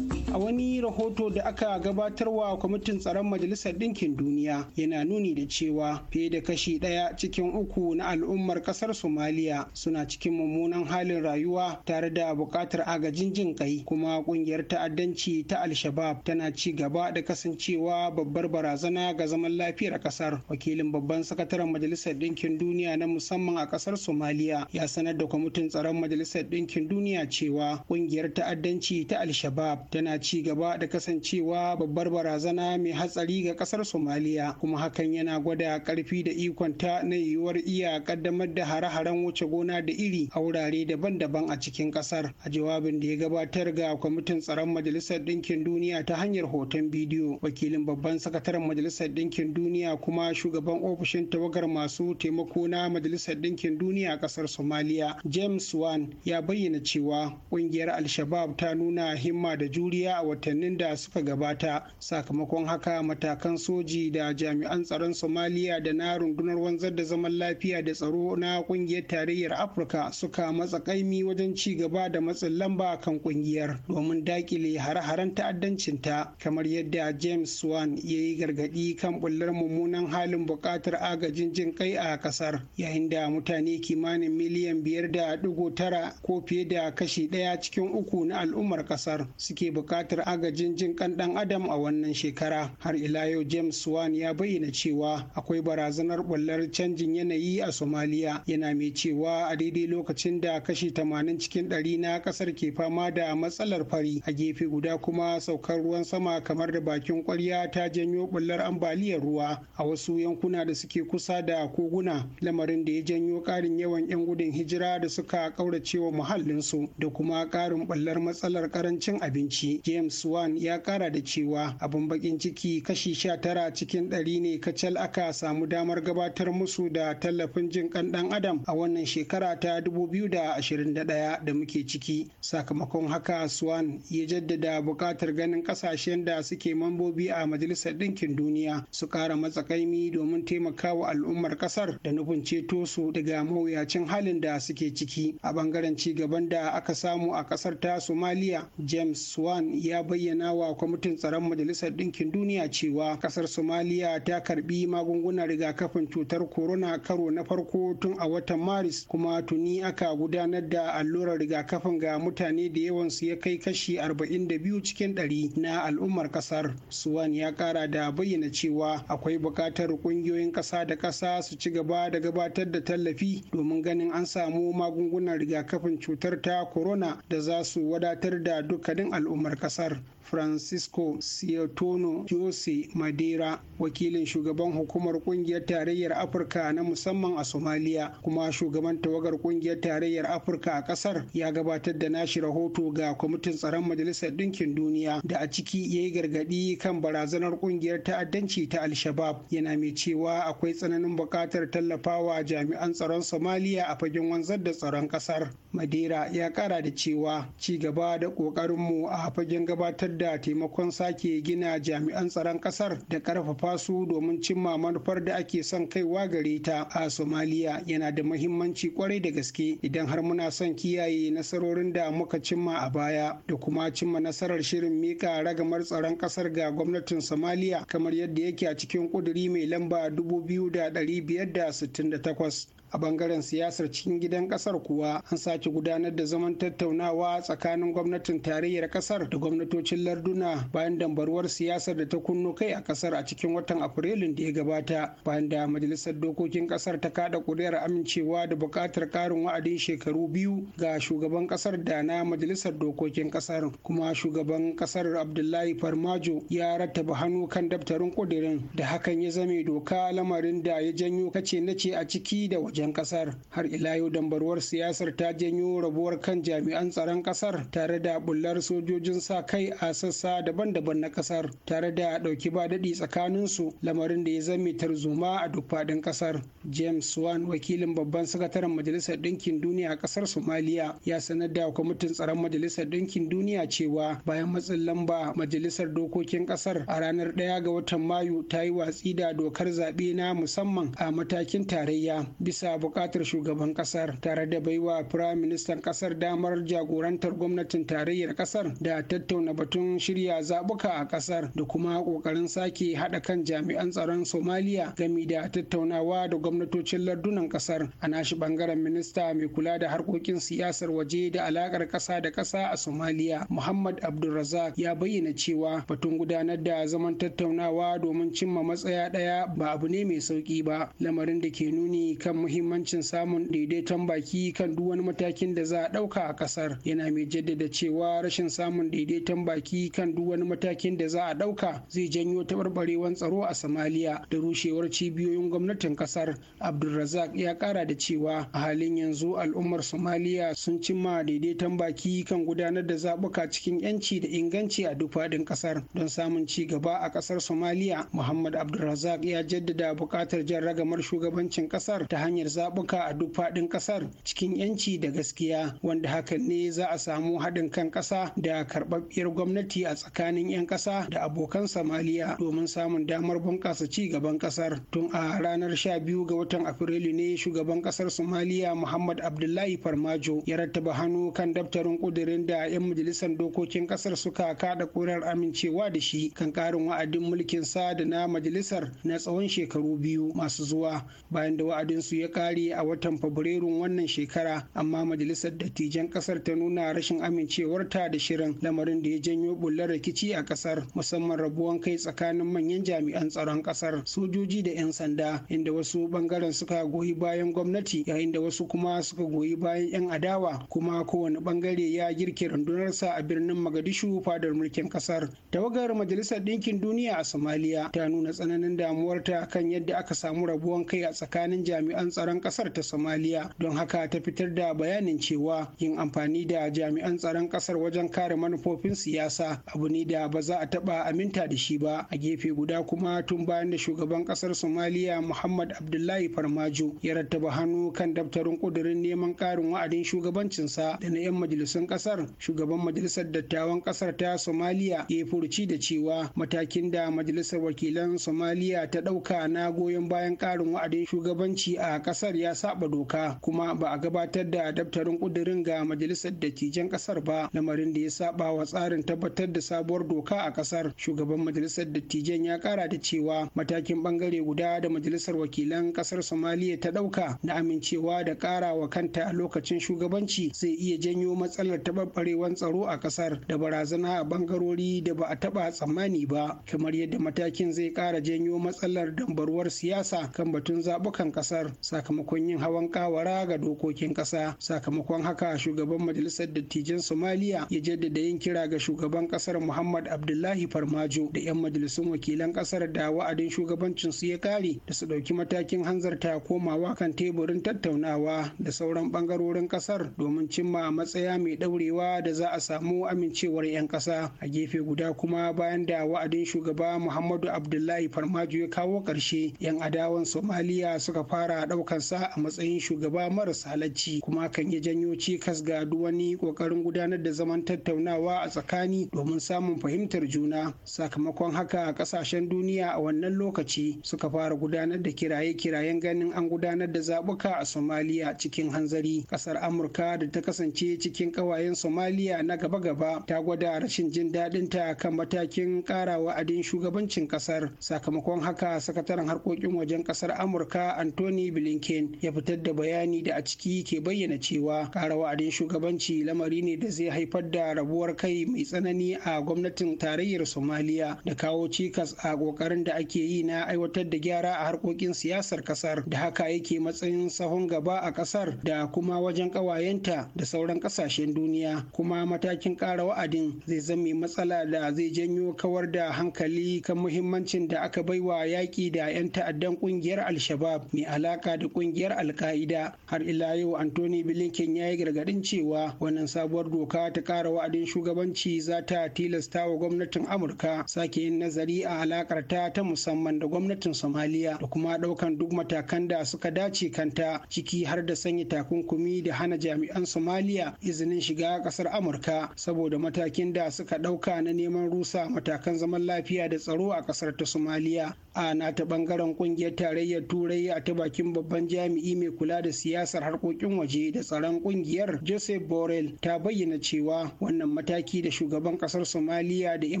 wani rahoto da aka gabatar wa kwamitin tsaron majalisar ɗinkin duniya yana nuni da cewa fiye da kashi ɗaya cikin uku na al'ummar ƙasar somaliya suna cikin mummunan halin rayuwa tare da buƙatar agajin jin kai kuma ƙungiyar ta'addanci ta Alshabab tana ci gaba da kasancewa babbar barazana ga zaman lafiyar ƙasar wakilin babban sakataren majalisar ɗinkin duniya na musamman a ƙasar somaliya ya sanar da kwamitin tsaron majalisar ɗinkin duniya cewa ƙungiyar ta'addanci ta Alshabab tana ci ci gaba da kasancewa babbar barazana mai hatsari ga kasar somaliya kuma hakan yana gwada karfi da ikonta na yiwuwar iya kaddamar da hare-haren wuce gona da iri a wurare daban-daban a cikin kasar a jawabin da ya gabatar ga kwamitin tsaron majalisar ɗinkin duniya ta hanyar hoton bidiyo wakilin babban sakataren majalisar ɗinkin duniya kuma shugaban ofishin tawagar masu taimako na majalisar ɗinkin duniya a kasar somaliya james wan ya bayyana cewa ƙungiyar alshabab ta nuna himma da juriya a a watannin da suka gabata sakamakon haka matakan soji da jami'an tsaron somaliya da na rundunar wanzar da zaman lafiya da tsaro na kungiyar tarayyar afirka suka matsa kaimi wajen ci gaba da matsin lamba kan kungiyar domin dakile hare-haren ta'addancinta kamar yadda james swan ya yi gargadi kan bullar mummunan halin buƙatar agajin jin kai a ƙasar yayin da mutane kimanin miliyan biyar da digo tara ko fiye da kashi ɗaya cikin uku na al'ummar ƙasar suke buƙatar buƙatar agajin jin kan ɗan adam a wannan shekara har ila yau james wan ya bayyana cewa akwai barazanar ɓullar canjin yanayi a somaliya yana mai cewa a daidai lokacin da kashi tamanin cikin ɗari na ƙasar ke fama da matsalar fari a gefe guda kuma saukar ruwan sama kamar da bakin ƙwarya ta janyo ɓullar ambaliyar ruwa a wasu yankuna da suke kusa da koguna lamarin da ya janyo ƙarin yawan 'yan gudun hijira da suka ƙauracewa muhallinsu da kuma ƙarin ɓullar matsalar ƙarancin abinci james james Wan ya kara da cewa abin bakin ciki kashi sha tara cikin ɗari ne kacal aka samu damar gabatar musu da tallafin jin kan dan adam a wannan shekara ta 2021 da muke ciki sakamakon haka swan ya jaddada buƙatar ganin kasashen da suke mambobi a majalisar ɗinkin duniya su ƙara matsakaimi domin taimaka wa al'ummar ƙasar da nufin ceto su daga mawuyacin halin da suke ciki a bangaren ci gaban da aka samu a ƙasar ta Somalia james swan ya ya bayyana wa kwamitin tsaron majalisar ɗinkin duniya cewa ƙasar somaliya ta karbi magungunan rigakafin cutar corona karo na farko tun a watan maris kuma tuni aka gudanar da allurar rigakafin ga mutane da yawan su ya kai kashi 42 cikin 100 na al'ummar ƙasar suwan ya ƙara da bayyana cewa akwai buƙatar ƙungiyoyin ƙasa da ƙasa su ci gaba da gabatar da tallafi domin ganin an samu magungunan rigakafin cutar ta corona da za su wadatar da dukkanin al'ummar ƙasa pasar francisco Siotono jose madera wakilin shugaban hukumar kungiyar tarayyar afirka na musamman a somaliya kuma shugaban tawagar kungiyar tarayyar afirka a kasar ya gabatar da nashi rahoto ga kwamitin tsaron majalisar Dinkin duniya da a ciki ya yi gargaɗi kan barazanar kungiyar ta'addanci ta alshabab yana mai cewa akwai tsananin buƙatar tallafawa jami'an tsaron somaliya a fagen wanzar da tsaron kasar madera ya ƙara da cewa ci gaba da ƙoƙarinmu a fagen gabatar da taimakon sake gina jami'an tsaron kasar da karfafa su domin cimma manufar da ake son kaiwa gare ta a somaliya yana da mahimmanci kwarai da gaske idan har muna son kiyaye nasarorin da muka cimma a baya da kuma cimma nasarar shirin mika ragamar tsaron kasar ga gwamnatin somaliya kamar yadda yake a cikin kuduri mai lamba 2568 a bangaren siyasar cikin gidan kasar kuwa an sake gudanar da zaman tattaunawa tsakanin gwamnatin tarayyar kasar da gwamnatocin larduna bayan dambaruwar siyasar da ta kunno kai a kasar a cikin watan afrilun da ya gabata bayan da majalisar dokokin kasar ta kada kuri'ar amincewa da bukatar ƙarin wa'adin shekaru biyu ga shugaban kasar da na majalisar dokokin kasar kuma shugaban kasar abdullahi farmajo ya rattaba hannu kan daftarin kudirin da hakan ya zame doka lamarin da ya janyo kace nace a ciki da waje wajen kasar har ila yau dambarwar siyasar ta janyo rabuwar kan jami'an tsaron kasar tare da bullar sojojin sa kai a sassa daban-daban na kasar tare da dauki ba daɗi tsakanin su lamarin da ya zame tarzoma a duk faɗin kasar james wan wakilin babban sakataren majalisar Dinkin duniya a kasar somaliya ya sanar da kwamitin tsaron majalisar dinkin duniya cewa bayan matsin lamba majalisar dokokin kasar a ranar 1 ga watan mayu ta yi watsi da dokar zaɓe na musamman a matakin tarayya bisa bisa buƙatar shugaban ƙasar tare da baiwa firayim ministan ƙasar damar jagorantar gwamnatin tarayyar ƙasar da tattauna batun shirya zaɓuka a ƙasar da kuma ƙoƙarin sake haɗa kan jami'an tsaron somaliya gami da tattaunawa da gwamnatocin lardunan ƙasar a nashi bangaren minista mai kula da harkokin siyasar waje da alaƙar ƙasa da ƙasa a somaliya muhammad abdulrazak ya bayyana cewa batun gudanar da zaman tattaunawa domin cimma matsaya ɗaya ba abu ne mai sauki ba lamarin da ke nuni kan muhimmanci muhimmancin samun daidaiton baki kan duk wani matakin da za a ɗauka a ƙasar yana mai jaddada cewa rashin samun daidaiton baki kan duk wani matakin da za a ɗauka zai janyo taɓarɓarewan tsaro a somaliya da rushewar cibiyoyin gwamnatin ƙasar abdulrazak ya ƙara da cewa a halin yanzu al'ummar somaliya sun cimma daidaiton baki kan gudanar da zaɓuka cikin 'yanci da inganci a duk faɗin ƙasar don samun ci gaba a ƙasar somaliya muhammad abdulrazak ya jaddada buƙatar jan ragamar shugabancin ƙasar ta hanyar hanyar zaɓuka a duk faɗin ƙasar cikin 'yanci da gaskiya wanda hakan ne za a samu haɗin kan ƙasa da karɓaɓɓiyar gwamnati a tsakanin 'yan ƙasa da abokan samaliya domin samun damar bunƙasa ci gaban ƙasar tun a ranar 12 ga watan afrilu ne shugaban ƙasar somaliya muhammad abdullahi farmajo ya rattaba hannu kan daftarin ƙudurin da 'yan majalisar dokokin ƙasar suka kada ƙurar amincewa da shi kan ƙarin wa'adin mulkin sa da na majalisar na tsawon shekaru biyu masu zuwa bayan da wa'adinsu ya kare a watan fabrairun wannan shekara amma majalisar dattijan kasar ta nuna rashin amincewarta da shirin lamarin da ya janyo bullar rikici a kasar musamman rabuwan kai tsakanin manyan jami'an tsaron kasar sojoji da 'yan sanda inda wasu bangaren suka goyi bayan gwamnati yayin da wasu kuma suka goyi bayan 'yan adawa kuma kowane bangare ya girke rundunarsa a birnin magadishu fadar mulkin kasar tawagar majalisar ɗinkin duniya a somaliya ta nuna tsananin damuwarta kan yadda aka samu rabuwan kai a tsakanin jami'an tsaron tsaron kasar ta somaliya don haka ta fitar da bayanin cewa yin amfani da jami'an tsaron kasar wajen kare manufofin siyasa abu ne da ba za a taba aminta da shi ba a gefe guda kuma tun bayan da shugaban kasar somaliya muhammad abdullahi farmajo ya rattaba hannu kan daftarin kudirin neman karin wa'adin shugabancinsa da na 'yan majalisun kasar shugaban majalisar dattawan kasar ta somaliya ya furuci da cewa matakin da majalisar wakilan somaliya ta dauka na goyon bayan karin wa'adin shugabanci a kasar kasar ya saba doka kuma ba a gabatar da daftarin kudirin ga majalisar dattijan kasar ba lamarin da ya saba wa tsarin tabbatar da sabuwar doka a kasar shugaban majalisar dattijan ya kara da cewa matakin bangare guda da majalisar wakilan kasar somaliya ta dauka na amincewa da kara wa kanta a lokacin shugabanci zai iya janyo matsalar taɓarɓarewar tsaro a kasar da barazana a bangarori da ba a taɓa tsammani ba kamar yadda matakin zai kara janyo matsalar dambaruwar siyasa kan batun zaɓukan kasar sakamakon yin hawan kawara ga dokokin ƙasa sakamakon haka shugaban majalisar dattijan somaliya ya jaddada yin kira ga shugaban ƙasar muhammad abdullahi farmajo da 'yan majalisun wakilan ƙasar da wa'adin shugabancin su ya kare da su ɗauki matakin hanzarta komawa kan teburin tattaunawa da sauran ɓangarorin ƙasar domin cimma matsaya mai ɗaurewa da za a samu amincewar 'yan ƙasa a gefe guda kuma bayan da wa'adin shugaba muhammadu abdullahi farmajo ya kawo ƙarshe 'yan adawan somaliya suka fara ɗaukar kansa a matsayin shugaba marasa halacci kuma kan iya janyo cikas ga wani kokarin gudanar da zaman tattaunawa a tsakani domin samun fahimtar juna sakamakon haka kasashen duniya a wannan lokaci suka fara gudanar da kiraye-kirayen ganin an gudanar da zabuka a somaliya cikin hanzari kasar amurka da ta kasance cikin kawayen somaliya na gaba-gaba ta gwada rashin jin daɗin ta kan matakin ƙara wa'adin shugabancin kasar sakamakon haka sakataren harkokin wajen kasar amurka anthony bile. blinken ya fitar da bayani da a ciki ke bayyana cewa ƙara wa'adin shugabanci lamari ne da zai haifar da rabuwar kai mai tsanani a gwamnatin tarayyar somaliya da kawo cikas a ƙoƙarin da ake yi na aiwatar da gyara a harkokin siyasar ƙasar da haka yake matsayin sahun gaba a ƙasar da kuma wajen ƙawayenta da sauran ƙasashen duniya kuma matakin ƙara wa'adin zai zame matsala da zai janyo kawar da hankali kan muhimmancin da aka baiwa yaƙi da 'yan ta'addan ƙungiyar al-shabab mai alaƙa da da kungiyar alka'ida har ila yau Antony blinken ya yi gargadin cewa wannan sabuwar doka ta kara wa'adin shugabanci za ta tilasta wa gwamnatin amurka sake yin nazari a alakar ta ta musamman da gwamnatin somaliya da kuma daukan duk matakan da suka dace kanta ciki har da sanya takunkumi da hana jami'an somaliya izinin shiga kasar amurka saboda matakin da suka dauka na neman rusa matakan zaman lafiya da tsaro a kasar ta somaliya a nata bangaren kungiyar tarayyar turai a ta bakin babban jami'i mai kula da siyasar harkokin waje da tsaron kungiyar joseph borrell ta bayyana cewa wannan mataki da shugaban kasar somaliya da 'yan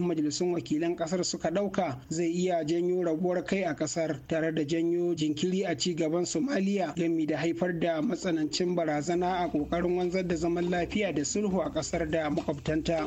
majalisun wakilan kasar suka dauka zai iya janyo rabuwar kai a kasar tare da janyo jinkiri a ci gaban somaliya gami da haifar da matsanancin barazana a kokarin wanzar da zaman lafiya da sulhu a kasar da makwabtanta.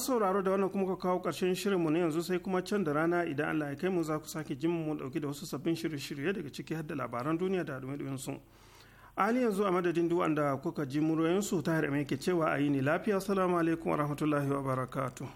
sauraro da wannan kuma ka kawo ƙarshen shirinmu na yanzu sai kuma can da rana idan Allah ya kai mu za ku sake jin mu dauki da wasu sabbin shirye-shirye daga ciki har da labaran duniya da dumi su. Ali yanzu a madadin duk wanda kuka ji muryoyin su ta har ke cewa a yi ni lafiya salamu alaikum wa rahmatullahi wa barakatuh.